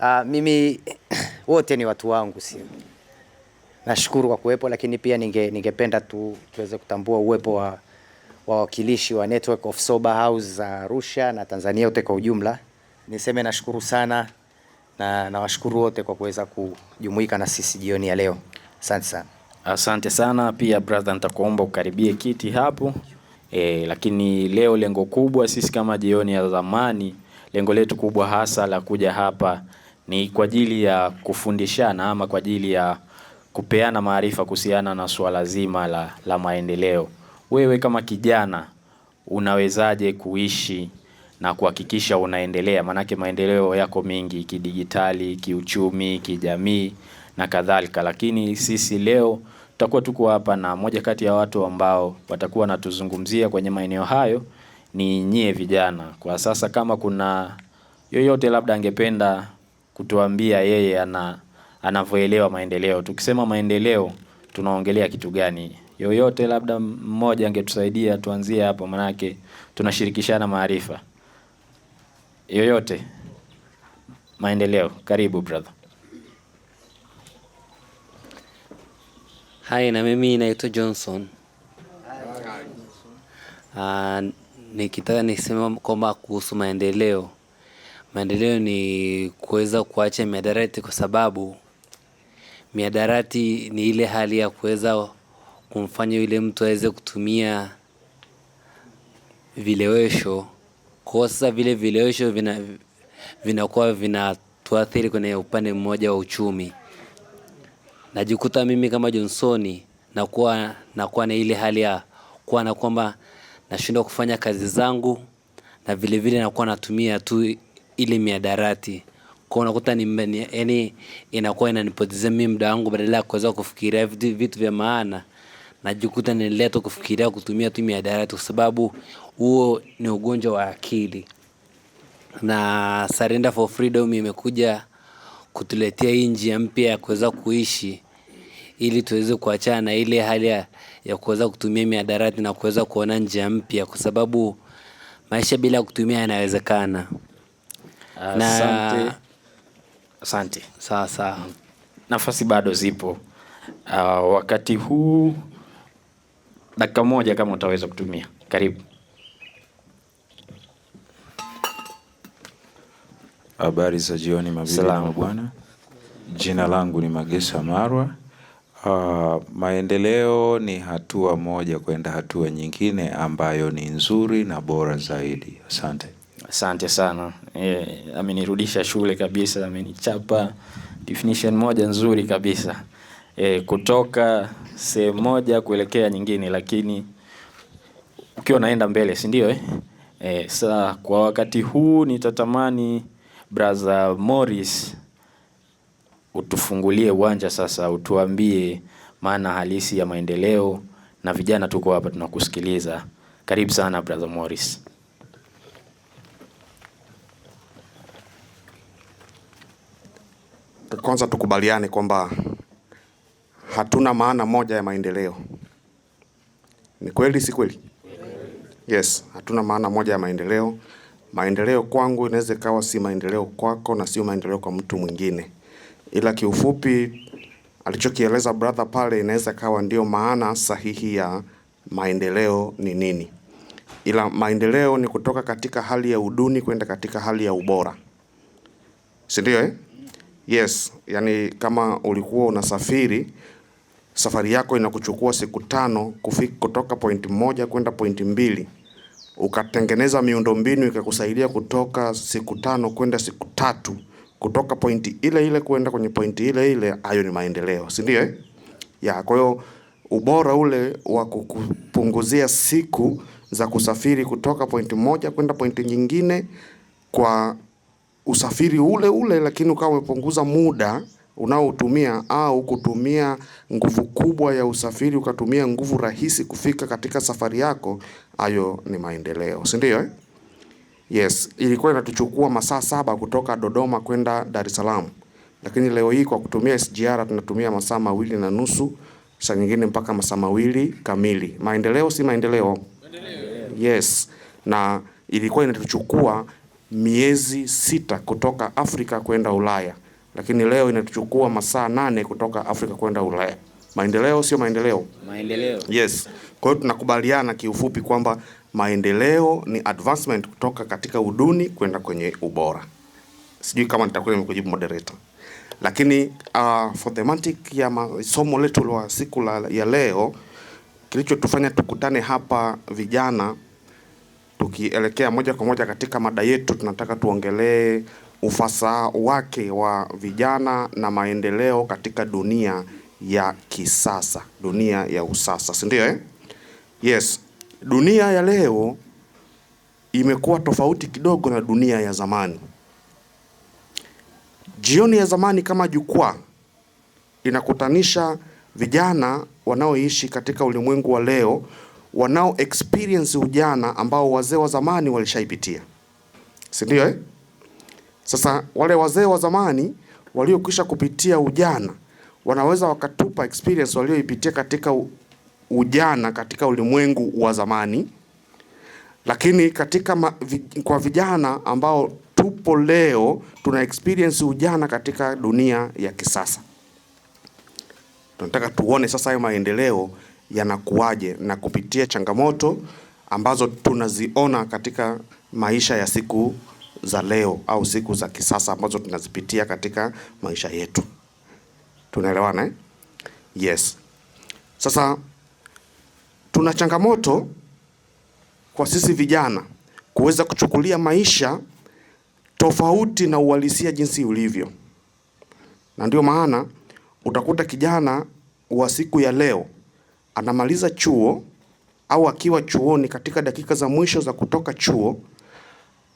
Uh, mimi wote ni watu wangu, si. Nashukuru kwa kuwepo, lakini pia ninge, ningependa tu tuweze kutambua uwepo wa wawakilishi wa network of sober house za Arusha na Tanzania yote kwa ujumla. Niseme nashukuru sana na nawashukuru wote kwa kuweza kujumuika na sisi jioni ya leo. Asante sana. Asante sana pia brother, nitakuomba ukaribie kiti hapo e, lakini leo lengo kubwa sisi kama jioni ya zamani, lengo letu kubwa hasa la kuja hapa ni kwa ajili ya kufundishana ama kwa ajili ya kupeana maarifa kuhusiana na swala zima la, la maendeleo. Wewe kama kijana unawezaje kuishi na kuhakikisha unaendelea? Maanake maendeleo yako mengi, kidigitali, kiuchumi, kijamii na kadhalika, lakini sisi leo tutakuwa tuko hapa na moja kati ya watu ambao watakuwa wanatuzungumzia kwenye maeneo hayo ni nyie vijana. Kwa sasa kama kuna yoyote labda angependa kutuambia yeye ana anavyoelewa maendeleo. Tukisema maendeleo tunaongelea kitu gani? Yoyote labda mmoja angetusaidia tuanzie hapo, manake tunashirikishana maarifa. Yoyote maendeleo, karibu brother. Hai, na mimi naitwa Johnson. Ah, nikitaka nisema kwamba kuhusu maendeleo Maendeleo ni kuweza kuacha miadarati kwa sababu miadarati ni ile hali ya kuweza kumfanya yule mtu aweze kutumia vilewesho. Kwa sasa vile vilewesho vinakuwa vinatuathiri kwenye upande mmoja wa uchumi. Najikuta mimi kama Johnsoni nakuwa na ile hali ya kuwa na kwamba nashindwa kufanya kazi zangu na vile vile nakuwa natumia tu ile miadarati kwa unakuta ni yani, inakuwa inanipotezea mimi muda wangu badala ya kuweza kufikiria vitu, vitu vya maana najikuta niendelea tu kufikiria kutumia tu miadarati kwa sababu huo ni ugonjwa wa akili na Surrender for Freedom imekuja kutuletea hii njia mpya ya kuweza kuishi ili tuweze kuachana na ile hali ya, ya kuweza kutumia miadarati na kuweza kuona njia mpya, kwa sababu maisha bila kutumia yanawezekana. Asante na... asante. nafasi bado zipo. Uh, wakati huu dakika moja kama utaweza kutumia, karibu. Habari za jioni mabibi na mabwana, jina langu ni Magesa Marwa. Uh, maendeleo ni hatua moja kwenda hatua nyingine ambayo ni nzuri na bora zaidi. Asante. Asante sana e, amenirudisha shule kabisa, amenichapa definition moja nzuri kabisa e, kutoka sehemu moja kuelekea nyingine, lakini ukiwa naenda mbele, si ndio eh? E, eh, saa kwa wakati huu nitatamani brother Morris utufungulie uwanja sasa, utuambie maana halisi ya maendeleo, na vijana tuko hapa tunakusikiliza. Karibu sana brother Morris. Kwanza tukubaliane kwamba hatuna maana moja ya maendeleo. Ni kweli, si kweli? Yes, hatuna maana moja ya maendeleo. Maendeleo kwangu inaweza ikawa si maendeleo kwako na sio maendeleo kwa mtu mwingine, ila kiufupi alichokieleza brother pale inaweza kawa ndio maana sahihi ya maendeleo ni nini, ila maendeleo ni kutoka katika hali ya uduni kwenda katika hali ya ubora, si ndio eh? Yes, yani kama ulikuwa unasafiri safari yako inakuchukua siku tano kufika kutoka point moja kwenda point mbili, ukatengeneza miundombinu ikakusaidia kutoka siku tano kwenda siku tatu, kutoka point ile ile kwenda kwenye point ile ile, hayo ni maendeleo, si ndio eh? Ya, kwa hiyo ubora ule wa kupunguzia siku za kusafiri kutoka point moja kwenda point nyingine kwa usafiri ule ule, lakini ukawa umepunguza muda unaotumia au kutumia nguvu kubwa ya usafiri ukatumia nguvu rahisi kufika katika safari yako, hayo ni maendeleo, si ndio? Eh, yes, ilikuwa inatuchukua masaa saba kutoka Dodoma kwenda Dar es Salaam, lakini leo hii kwa kutumia SGR tunatumia masaa mawili na nusu, saa nyingine mpaka masaa mawili kamili. Maendeleo si maendeleo? Yes, na ilikuwa inatuchukua miezi sita kutoka Afrika kwenda Ulaya, lakini leo inatuchukua masaa nane kutoka Afrika kwenda Ulaya. Maendeleo sio maendeleo? Maendeleo, yes. Kwa hiyo tunakubaliana kiufupi kwamba maendeleo ni advancement kutoka katika uduni kwenda kwenye ubora. Sijui kama nitakuwa nimekujibu moderator, lakini uh, for mantic ya somo letu la siku ya leo, kilichotufanya tukutane hapa vijana Tukielekea moja kwa moja katika mada yetu, tunataka tuongelee ufasaha wake wa vijana na maendeleo katika dunia ya kisasa, dunia ya usasa, si ndio eh? Yes, dunia ya leo imekuwa tofauti kidogo na dunia ya zamani. Jioni ya zamani kama jukwaa inakutanisha vijana wanaoishi katika ulimwengu wa leo wanao experience ujana ambao wazee wa zamani walishaipitia, si ndio eh? Sasa wale wazee wa zamani waliokwisha kupitia ujana wanaweza wakatupa experience walioipitia katika ujana katika ulimwengu wa zamani, lakini katika ma, kwa vijana ambao tupo leo tuna experience ujana katika dunia ya kisasa. Tunataka tuone sasa hayo maendeleo yanakuwaje na kupitia changamoto ambazo tunaziona katika maisha ya siku za leo au siku za kisasa ambazo tunazipitia katika maisha yetu. Tunaelewana eh? Yes. Sasa tuna changamoto kwa sisi vijana kuweza kuchukulia maisha tofauti na uhalisia jinsi ulivyo, na ndio maana utakuta kijana wa siku ya leo anamaliza chuo au akiwa chuoni katika dakika za mwisho za kutoka chuo,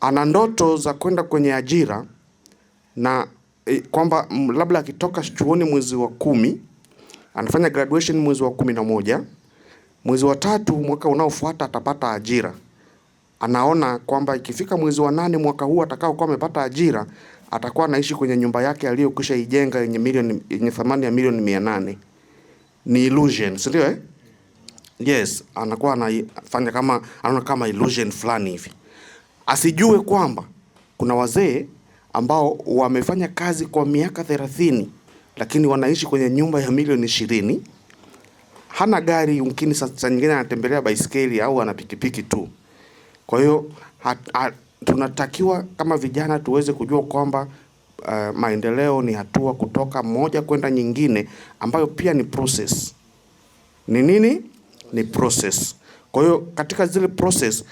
ana ndoto za kwenda kwenye ajira na e, kwamba labda akitoka chuoni mwezi wa kumi anafanya graduation mwezi wa kumi na moja mwezi wa tatu mwaka unaofuata atapata ajira. Anaona kwamba ikifika mwezi wa nane mwaka huu atakaokuwa amepata ajira, atakuwa anaishi kwenye nyumba yake aliyokwisha ijenga yenye milioni yenye thamani ya milioni mia nane ni illusion, si ndio eh? Yes, anakuwa anafanya kama anaona kama illusion fulani hivi, asijue kwamba kuna wazee ambao wamefanya kazi kwa miaka thelathini lakini wanaishi kwenye nyumba ya milioni ishirini. Hana gari, mkini, saa nyingine anatembelea baiskeli au ana pikipiki tu. Kwa hiyo tunatakiwa kama vijana tuweze kujua kwamba uh, maendeleo ni hatua kutoka moja kwenda nyingine, ambayo pia ni process. Ni nini? Ni process. Kwa hiyo katika zile process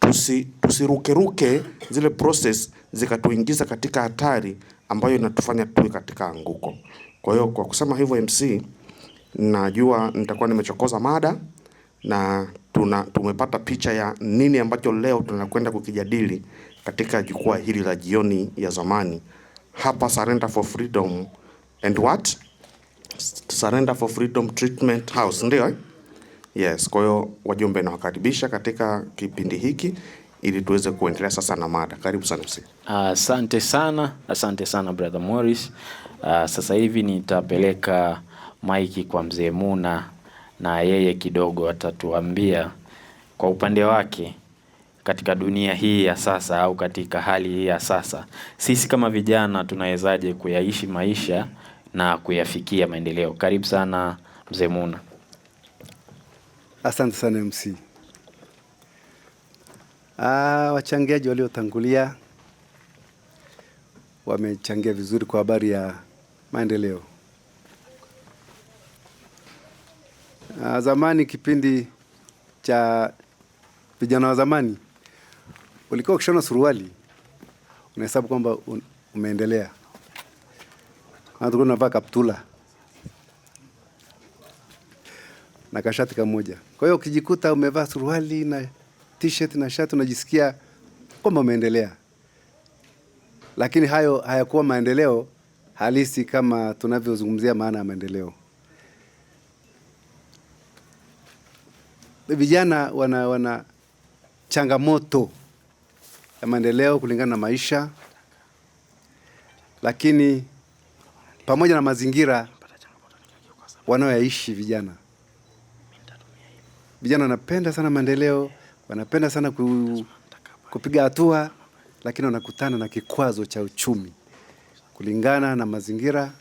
tusi tusirukeruke zile process zikatuingiza katika hatari ambayo inatufanya tuwe katika anguko. Kwa hiyo kwa kusema hivyo, MC, najua nitakuwa nimechokoza mada na tuna tumepata picha ya nini ambacho leo tunakwenda kukijadili katika jukwaa hili la jioni ya zamani hapa Surrender for Freedom and what? Surrender for Freedom Treatment House ndio eh? Yes, kwa hiyo wajumbe nawakaribisha katika kipindi hiki ili tuweze kuendelea sasa na mada. Karibu sana msi. Asante uh, sana asante sana brother Morris. Uh, sasa hivi nitapeleka maiki kwa mzee Muna na yeye kidogo atatuambia kwa upande wake katika dunia hii ya sasa au katika hali hii ya sasa, sisi kama vijana tunawezaje kuyaishi maisha na kuyafikia maendeleo? Karibu sana Mzee Muna. Asante sana MC. Ah, wachangiaji waliotangulia wamechangia vizuri kwa habari ya maendeleo. Ah, zamani kipindi cha vijana wa zamani ulikuwa ukishona suruali unahesabu kwamba umeendelea. unavaa kaptula na kashati kamoja. Kwa hiyo ukijikuta umevaa suruali na t-shirt na shati unajisikia kwamba umeendelea, lakini hayo hayakuwa maendeleo halisi kama tunavyozungumzia maana ya maendeleo. Vijana wana, wana changamoto ya maendeleo kulingana na maisha, lakini pamoja na mazingira wanaoyaishi vijana. Vijana wanapenda sana maendeleo, wanapenda sana ku, kupiga hatua, lakini wanakutana na kikwazo cha uchumi kulingana na mazingira,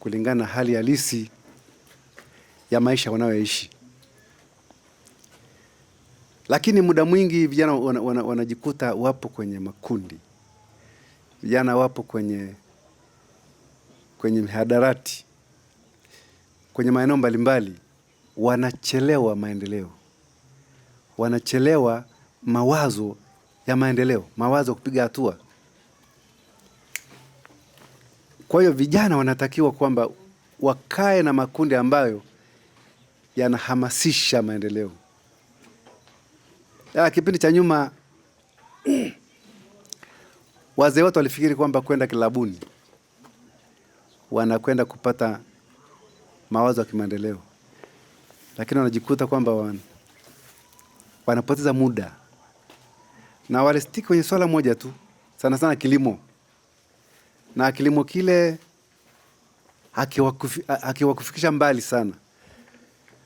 kulingana na hali halisi ya maisha wanayoishi. Lakini muda mwingi vijana wana, wana, wanajikuta wapo kwenye makundi, vijana wapo kwenye kwenye mihadarati, kwenye maeneo mbalimbali, wanachelewa maendeleo, wanachelewa mawazo ya maendeleo, mawazo ya kupiga hatua. Kwa hiyo vijana wanatakiwa kwamba wakae na makundi ambayo yanahamasisha maendeleo ya ah, kipindi cha nyuma wazee wote walifikiri kwamba kwenda kilabuni wanakwenda kupata mawazo ya kimaendeleo, lakini wanajikuta kwamba wan, wanapoteza muda na walistiki kwenye swala moja tu, sana sana kilimo, na kilimo kile hakiwakufikisha mbali sana.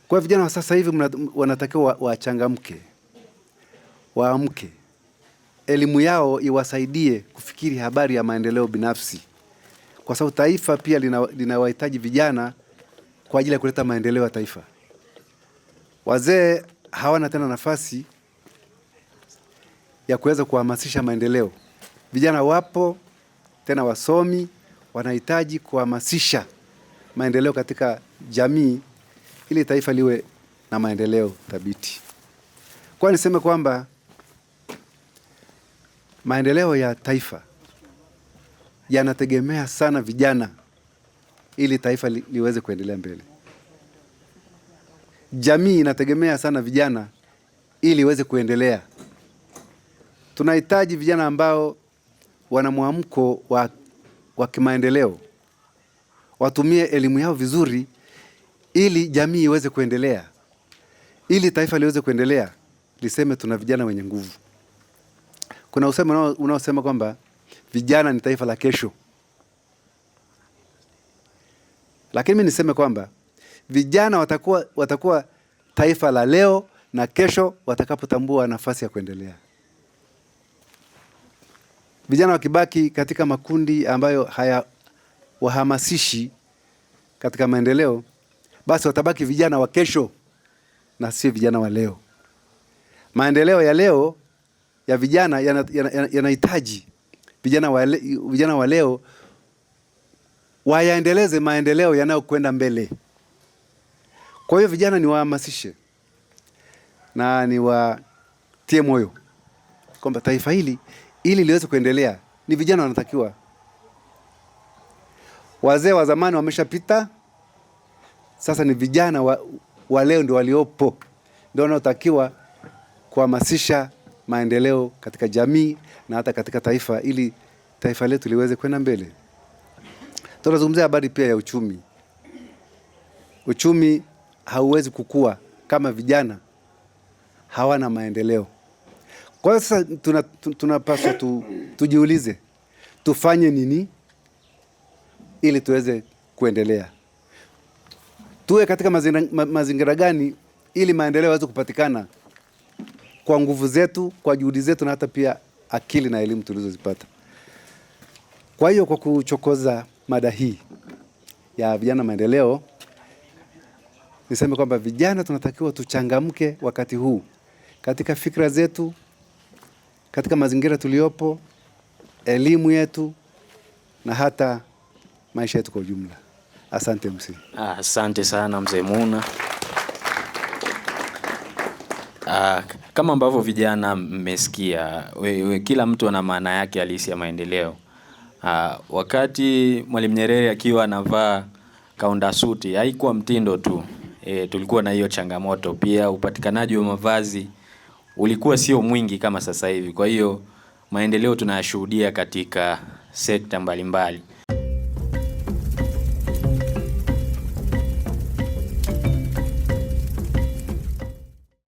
Kwa vijana wa sasa hivi wanatakiwa wachangamke wa waamke, elimu yao iwasaidie kufikiri habari ya maendeleo binafsi, kwa sababu taifa pia linawahitaji lina vijana kwa ajili ya kuleta maendeleo ya taifa. Wazee hawana tena nafasi ya kuweza kuhamasisha maendeleo. Vijana wapo tena, wasomi wanahitaji kuhamasisha maendeleo katika jamii ili taifa liwe na maendeleo thabiti. Kwa niseme kwamba maendeleo ya taifa yanategemea sana vijana ili taifa li, liweze kuendelea mbele. Jamii inategemea sana vijana ili iweze kuendelea. Tunahitaji vijana ambao wana mwamko wa, wa kimaendeleo, watumie elimu yao vizuri ili jamii iweze kuendelea, ili taifa liweze kuendelea, liseme tuna vijana wenye nguvu. Kuna usemo unaosema kwamba vijana ni taifa la kesho, lakini mi niseme kwamba vijana watakuwa, watakuwa taifa la leo na kesho watakapotambua nafasi ya kuendelea. Vijana wakibaki katika makundi ambayo hayawahamasishi katika maendeleo, basi watabaki vijana wa kesho na sio vijana wa leo. Maendeleo ya leo ya vijana yanahitaji yana, yana vijana, vijana wa leo wayaendeleze maendeleo yanayokwenda mbele. Kwa hiyo vijana niwahamasishe na niwatie moyo kwamba taifa hili ili liweze kuendelea ni vijana wanatakiwa. Wazee wa zamani wameshapita, sasa ni vijana wa, wa leo ndio waliopo ndio wanaotakiwa kuhamasisha maendeleo katika jamii na hata katika taifa, ili taifa letu liweze kwenda mbele. Tunazungumzia habari pia ya uchumi. Uchumi hauwezi kukua kama vijana hawana maendeleo. Kwa hiyo sasa tunapaswa tuna tu, tujiulize tufanye nini ili tuweze kuendelea, tuwe katika mazingira gani ili maendeleo yaweze kupatikana kwa nguvu zetu, kwa juhudi zetu na hata pia akili na elimu tulizozipata. Kwa hiyo kwa kuchokoza mada hii ya vijana maendeleo, niseme kwamba vijana tunatakiwa tuchangamke wakati huu katika fikra zetu, katika mazingira tuliyopo, elimu yetu na hata maisha yetu kwa ujumla. Asante mzee. Asante sana mzee Muna. Uh, kama ambavyo vijana mmesikia, kila mtu ana maana yake halisi ya maendeleo. Uh, wakati Mwalimu Nyerere akiwa anavaa kaunda suti haikuwa mtindo tu. E, tulikuwa na hiyo changamoto pia, upatikanaji wa mavazi ulikuwa sio mwingi kama sasa hivi. Kwa hiyo maendeleo tunayashuhudia katika sekta mbalimbali mbali.